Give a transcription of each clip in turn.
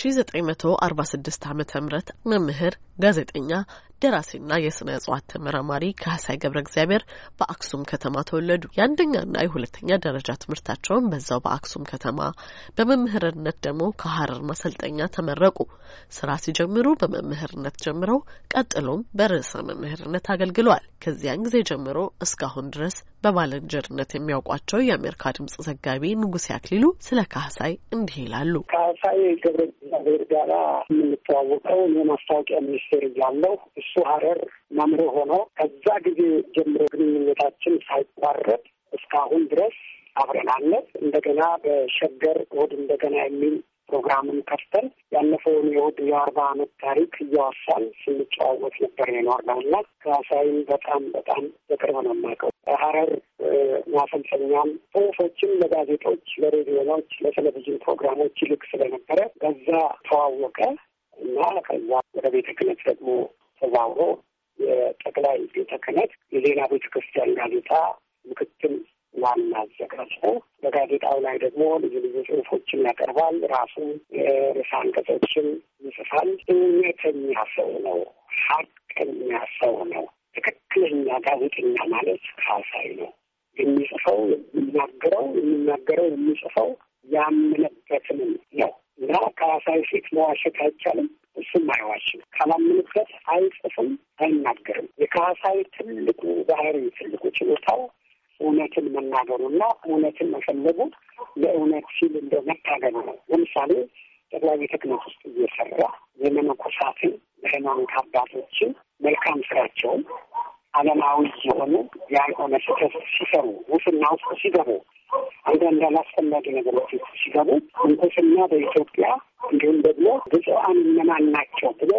1946 ዓ ም መምህር፣ ጋዜጠኛ፣ ደራሲና የስነ እጽዋት ተመራማሪ ካህሳይ ገብረ እግዚአብሔር በአክሱም ከተማ ተወለዱ። የአንደኛና የሁለተኛ ደረጃ ትምህርታቸውን በዛው በአክሱም ከተማ፣ በመምህርነት ደግሞ ከሀረር ማሰልጠኛ ተመረቁ። ስራ ሲጀምሩ በመምህርነት ጀምረው ቀጥሎም በርዕሰ መምህርነት አገልግለዋል። ከዚያን ጊዜ ጀምሮ እስካሁን ድረስ በባለንጀርነት የሚያውቋቸው የአሜሪካ ድምጽ ዘጋቢ ንጉሴ አክሊሉ ስለ ካህሳይ እንዲህ ይላሉ። ካህሳይ ገብረ እግዚአብሔር ጋራ የምንተዋወቀው የማስታወቂያ ሚኒስቴር እያለው እሱ ሀረር መምሮ ሆኖ ከዛ ጊዜ ጀምሮ ግንኙነታችን ሳይቋረጥ እስካሁን ድረስ አብረናለ። እንደገና በሸገር እሑድ እንደገና የሚል ፕሮግራምን ከፍተን ያለፈውን የእሑድ የአርባ ዓመት ታሪክ እያዋሳል ስንጨዋወት ነበር የኖር ነው እና ከሳይን በጣም በጣም በቅርብ ነው የማውቀው። ሀረር ማሰልሰኛም ጽሁፎችም ለጋዜጦች፣ ለሬዲዮኖች፣ ለቴሌቪዥን ፕሮግራሞች ይልክ ስለነበረ በዛ ተዋወቀ እና ከዛ ወደ ቤተ ክህነት ደግሞ ተዛውሮ የጠቅላይ ቤተ ክህነት የዜና ቤተ ክርስቲያን ጋዜጣ ምክትል ዋና አዘጋጅ ነው። በጋዜጣው ላይ ደግሞ ልዩ ልዩ ጽሁፎችን ያቀርባል። ራሱ ርዕሰ አንቀጾችን ይጽፋል። እውነተኛ ሰው ነው። ሀቀኛ ሰው ነው። ትክክለኛ ጋዜጠኛ ማለት ሳሳይ ነው። የሚጽፈው የሚናገረው የሚናገረው የሚጽፈው ያምነበትንም ነው እና ከሳይ ፊት መዋሸት አይቻልም። ስም አይዋሽም። ካላምንበት አይጽፍም፣ አይናገርም። የካሳይ ትልቁ ባህሪ ትልቁ ችሎታው እውነትን መናገሩና እውነትን መፈለጉ ለእውነት ሲል እንደ መታገሉ ነው። ለምሳሌ ጠቅላይ ቤተ ክህነት ውስጥ እየሰራ የመነኮሳትን የሃይማኖት አባቶችን መልካም ስራቸውን አለማዊ የሆነ ያልሆነ ስህተት ሲሰሩ ሙስና ውስጥ ሲገቡ አንዳንድ አላስፈላጊ ነገሮች ውስጥ ሲገቡ ምንኩስና በኢትዮጵያ እንዲሁም ደግሞ ብፁዓን እነማን ናቸው ብሎ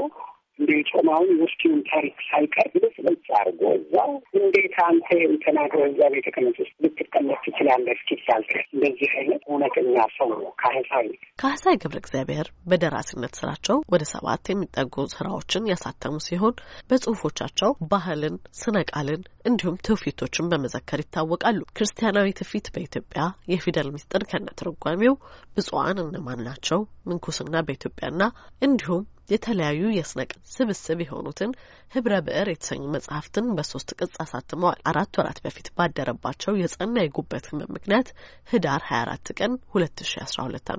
እንደ ጾም አሁን ውስኪውን ታሪክ ሳይቀር ብስ ብልጽ አድርጎ እዛው እንዴት አንተ የምተናገረ እዛ ቤተ ክህነት ውስጥ ልትቀመጥ ትችላለህ እስኪባል ድረስ እንደዚህ አይነት እውነተኛ ሰው ነው ካህሳይ። ካህሳይ ገብረ እግዚአብሔር በደራሲነት ስራቸው ወደ ሰባት የሚጠጉ ስራዎችን ያሳተሙ ሲሆን በጽሁፎቻቸው ባህልን፣ ስነ ቃልን እንዲሁም ትውፊቶችን በመዘከር ይታወቃሉ። ክርስቲያናዊ ትውፊት በኢትዮጵያ የፊደል ምስጥር ከነ ትርጓሜው፣ ብፁዓን እነማን ናቸው፣ ምንኩስና በኢትዮጵያና እንዲሁም የተለያዩ የስነቅ ስብስብ የሆኑትን ህብረ ብዕር የተሰኙ መጽሐፍትን በሶስት ቅጽ አሳትመዋል። አራት ወራት በፊት ባደረባቸው የጸና የጉበት ህመም ምክንያት ህዳር ሀያ አራት ቀን ሁለት ሺ አስራ ሁለት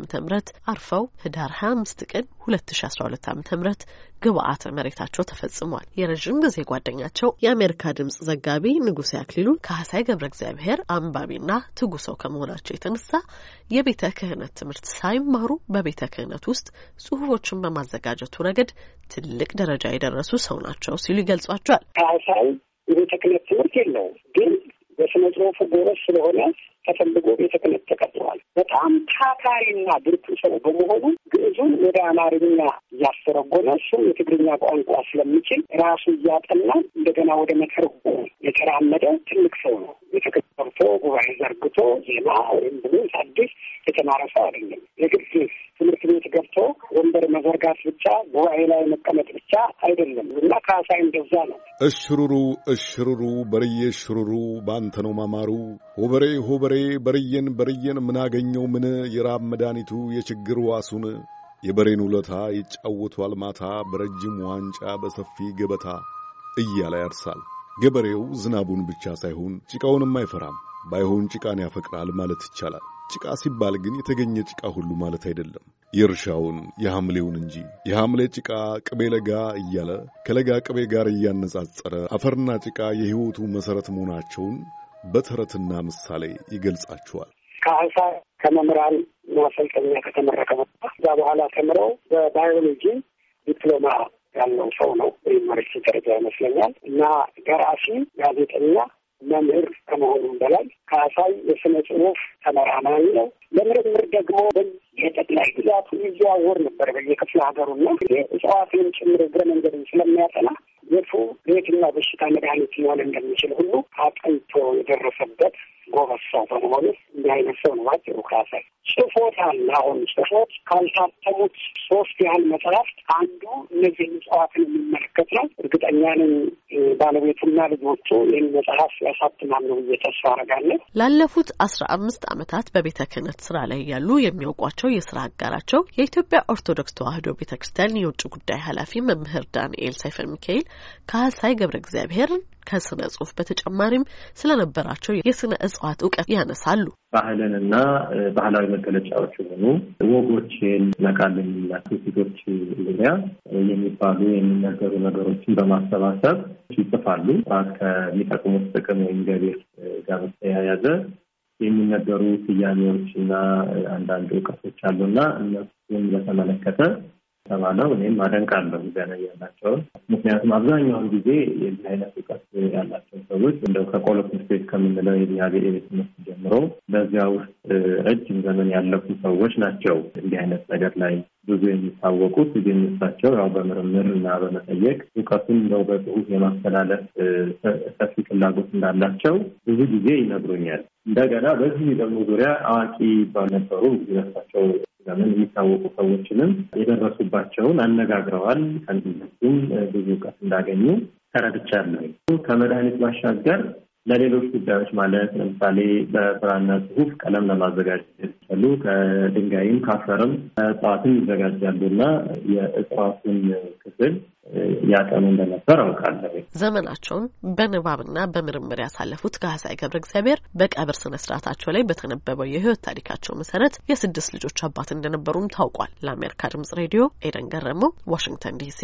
አርፈው ህዳር ሀያ አምስት ቀን ሁለት ሺ አስራ ሁለት ግብአተ መሬታቸው ተፈጽሟል። የረዥም ጊዜ ጓደኛቸው የአሜሪካ ድምጽ ዘጋቢ ንጉሴ አክሊሉ ከሀሳይ ገብረ እግዚአብሔር አንባቢና ትጉ ሰው ከመሆናቸው የተነሳ የቤተ ክህነት ትምህርት ሳይማሩ በቤተ ክህነት ውስጥ ጽሁፎችን በማዘጋጀቱ ረገድ ትልቅ ደረጃ የደረሱ ሰው ናቸው ሲሉ ይገልጿቸዋል። ከሀሳይ የቤተ ክህነት ትምህርት የለውም፣ ግን በስነ ጽሁፉ ጎረስ ስለሆነ ተፈልጎ ቤተ ክህነት ተቀጥሯል። በጣም ታታሪና ብርቱ ሰው በመሆኑ ግዕዙን ወደ አማርኛ እያስተረጎመ እሱም የትግርኛ ቋንቋ ስለሚችል ራሱ እያጠና እንደገና ወደ መተርጎም የተራመደ ትልቅ ሰው ነው። ቤተ ክህነት ሰርቶ ጉባኤ ዘርግቶ ዜማ ወይም ብሉስ አዲስ የተማረ ሰው አይደለም። የግድ መግባት ብቻ ጉባኤ ላይ መቀመጥ ብቻ አይደለም እና ካሳይ እንደዛ ነው። እሽሩሩ እሽሩሩ በርየ ሽሩሩ በአንተ ነው ማማሩ ሆበሬ ሆበሬ በርየን በርየን ምናገኘው ምን የራብ መድኃኒቱ የችግር ዋሱን የበሬን ውለታ ይጫወቷል ማታ በረጅም ዋንጫ በሰፊ ገበታ እያለ ያርሳል ገበሬው። ዝናቡን ብቻ ሳይሆን ጭቃውንም አይፈራም። ባይሆን ጭቃን ያፈቅራል ማለት ይቻላል። ጭቃ ሲባል ግን የተገኘ ጭቃ ሁሉ ማለት አይደለም። የእርሻውን የሐምሌውን እንጂ የሐምሌ ጭቃ ቅቤ ለጋ እያለ ከለጋ ቅቤ ጋር እያነጻጸረ አፈርና ጭቃ የሕይወቱ መሠረት መሆናቸውን በተረትና ምሳሌ ይገልጻችኋል። ከአንሳ ከመምህራን ማሰልጠኛ ከተመረቀ እዛ በኋላ ተምረው በባዮሎጂ ዲፕሎማ ያለው ሰው ነው። በዩኒቨርሲቲ ደረጃ ይመስለኛል እና ደራሲ፣ ጋዜጠኛ፣ መምህር ከመሆኑም በላይ ከአሳይ የስነ ጽሁፍ ተመራማሪ ነው። ለምርምር ደግሞ የጠቅላይ ግዛቱ ይዘዋወር ነበር በየክፍለ ሀገሩ ሀገሩና እጽዋትንም ጭምር እግረ መንገድን ስለሚያጠና ዘርፉ ለየትኛው በሽታ መድኃኒት ሊሆን እንደሚችል ሁሉ አጥንቶ የደረሰበት ጎበዝ ሰው በመሆኑ እንዲህ አይነት ሰው ነው ባጭሩ ካሳይ። አለ አሁን ጽፎት ካልታተሙት ሶስት ያህል መጽሐፍት አንዱ እነዚህን እጽዋትን የሚመለከት ነው። እርግጠኛ ነኝ ባለቤቱና ልጆቹ ይህን መጽሐፍ ያሳትማሉ ብዬ ተስፋ አረጋለሁ። ላለፉት አስራ አምስት አመታት በቤተ ክህነት ስራ ላይ ያሉ የሚያውቋቸው የስራ አጋራቸው የኢትዮጵያ ኦርቶዶክስ ተዋሕዶ ቤተ ክርስቲያን የውጭ ጉዳይ ኃላፊ መምህር ዳንኤል ሰይፈ ሚካኤል ካህሳይ ገብረ እግዚአብሔርን ከስነ ጽሁፍ በተጨማሪም ስለነበራቸው የስነ እጽዋት እውቀት ያነሳሉ። ባህልንና ባህላዊ መገለጫዎች የሆኑ ወጎችን መቃልንና ትውፊቶች ዙሪያ የሚባሉ የሚነገሩ ነገሮችን በማሰባሰብ ይጽፋሉ። ከሚጠቅሙት ጥቅም ወይም ገቢር ጋር በተያያዘ የሚነገሩ ስያሜዎች እና አንዳንድ እውቀቶች አሉ እና እነሱን በተመለከተ ተባለው እኔም አደንቃለሁ ገና ያላቸውን። ምክንያቱም አብዛኛውን ጊዜ የዚህ አይነት እውቀት ያላቸው ሰዎች እንደው ከቆሎ ትምህርት ቤት ከምንለው የብሔራብሔር ትምህርት ጀምሮ በዚያ ውስጥ ረጅም ዘመን ያለፉ ሰዎች ናቸው እንዲህ አይነት ነገር ላይ ብዙ የሚታወቁት ብዙ የሚሳቸው ያው በምርምር እና በመጠየቅ እውቀቱን እንደው በጽሁፍ የማስተላለፍ ሰፊ ፍላጎት እንዳላቸው ብዙ ጊዜ ይነግሩኛል። እንደገና በዚህ ደግሞ ዙሪያ አዋቂ ባልነበሩ ራሳቸው ዘመን የሚታወቁ ሰዎችንም የደረሱባቸውን አነጋግረዋል። ከእነሱም ብዙ እውቀት እንዳገኙ ተረድቻለሁ። ከመድኃኒት ባሻገር ለሌሎች ጉዳዮች ማለት ለምሳሌ በብራና ጽሁፍ ቀለም ለማዘጋጀት ይሰራሉ። ከድንጋይም ከአፈርም እጽዋትም ይዘጋጃሉ እና የእጽዋቱን ክፍል ያጠኑ እንደነበር አውቃለሁ። ዘመናቸውን በንባብና በምርምር ያሳለፉት ካህሳይ ገብረ እግዚአብሔር በቀብር ስነ ስርዓታቸው ላይ በተነበበው የህይወት ታሪካቸው መሰረት የስድስት ልጆች አባት እንደነበሩም ታውቋል። ለአሜሪካ ድምጽ ሬዲዮ ኤደን ገረመው፣ ዋሽንግተን ዲሲ